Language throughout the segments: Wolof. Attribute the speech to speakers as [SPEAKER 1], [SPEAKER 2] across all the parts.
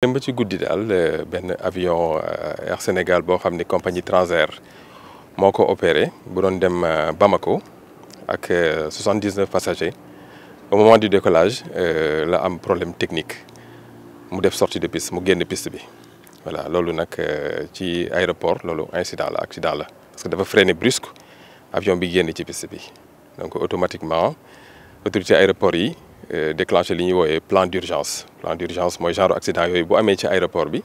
[SPEAKER 1] dem suis ci guddi daal euh, avion euh, Air Sénégal boo xam une compagnie Transair moo opéré bu dem euh, Bamako avec 79 passagers au moment du décollage il a un problème technique Il def sorti de piste piste bi voilà loolu de ci aéroport loolu incident la accident parce que a freiné brusque avion a gagné ci piste donc automatiquement l'autorité aéroport euh, déclenché li ñuy wooyee plan d'urgence plan d'urgence mooy genre accident yooyu bu amee ci aéroport bi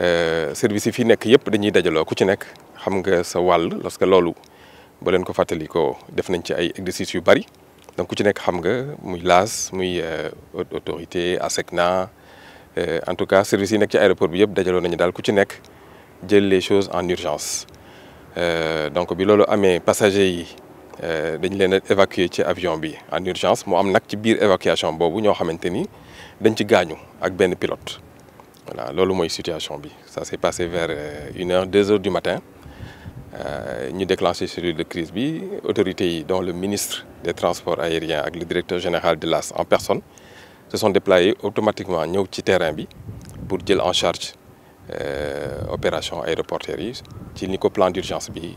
[SPEAKER 1] euh, service yi fii nekk yëpp dañuy dajaloo ku ci nekk xam nga sa wàll parce que loolu ba leen ko fàttali ko def nañ ci ay exercices yu bari donc ku ci nekk xam nga muy LAS muy euh, autorité ASECNA en tout cas service yi nekk ci aéroport bi yëpp dajaloo nañu daal ku ci nekk jël les choses en urgence donc bi loolu amee passagers yi euh, dañ leen a évacuer ci avion en urgence mu am nag ci biir évacuation boobu ñoo xamante ni dañ ci gaañu ak benn pilote voilà loolu mooy situation bi ça s'est passé vers euh, une heure deux heures du matin euh, ñu déclenché cellule de crise bi autorités dont le ministre des transports aériens ak le directeur général de l'AS en personne se sont déployés automatiquement ñëw ci terrain pour jël en charge euh, opération aéroportuaire yi ci ni ko plan d'urgence bi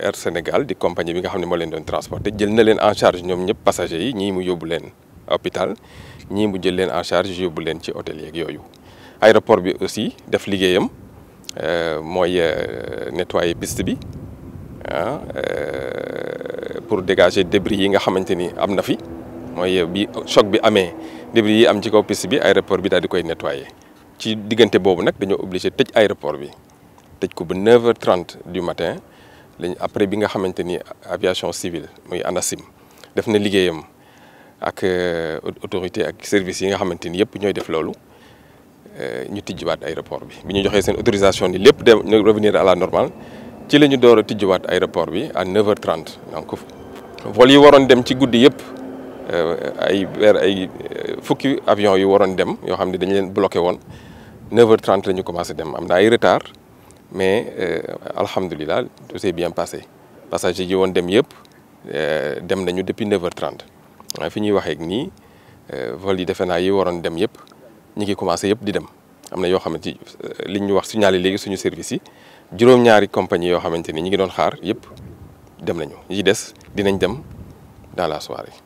[SPEAKER 1] Air Sénégal di compagnie qui nga xam ne en charge passagers yi ñii mu hôpital ñii mu jël en charge hôtel aéroport aussi euh, euh, piste ah, euh, pour dégager débris qui nga été ni choc bi débris yi am piste aéroport bi nettoyé nettoyer ci obligé aéroport 9h30 du matin lañ après bi nga xamante ni aviation civile muy ANACIM def na liggéeyam ak euh, autorité ak service yi nga xamante ni yëpp ñooy def loolu euh, ñu wat aéroport bi bi ñu joxee seen autorisation ni lepp dem revenir à la normale ci lañu dooro door wat aéroport bi à 9h30 donc vol yi waron dem ci guddi yëpp euh, ay weer ay fukki avion yi waron dem yo xam dañ leen bloqué won 9h30 lañu commencé dem am na ay retard mais euh, alhamdulilah tout est bien passé passagers yi woon dem yëpp euh, dem nañu depuis 9h30 waaye fi ñuy waxeeg nii euh, vol yi defe naa yi waroon dem yëpp ñu ngi commencé yëpp di dem am na yoo xamante ni li ñu wax signalé léegi suñu service yi juróom-ñaari compagnie yoo xamante ni ñu ngi doon xaar yëpp dem nañu yi des dinañ dem dans la soirée.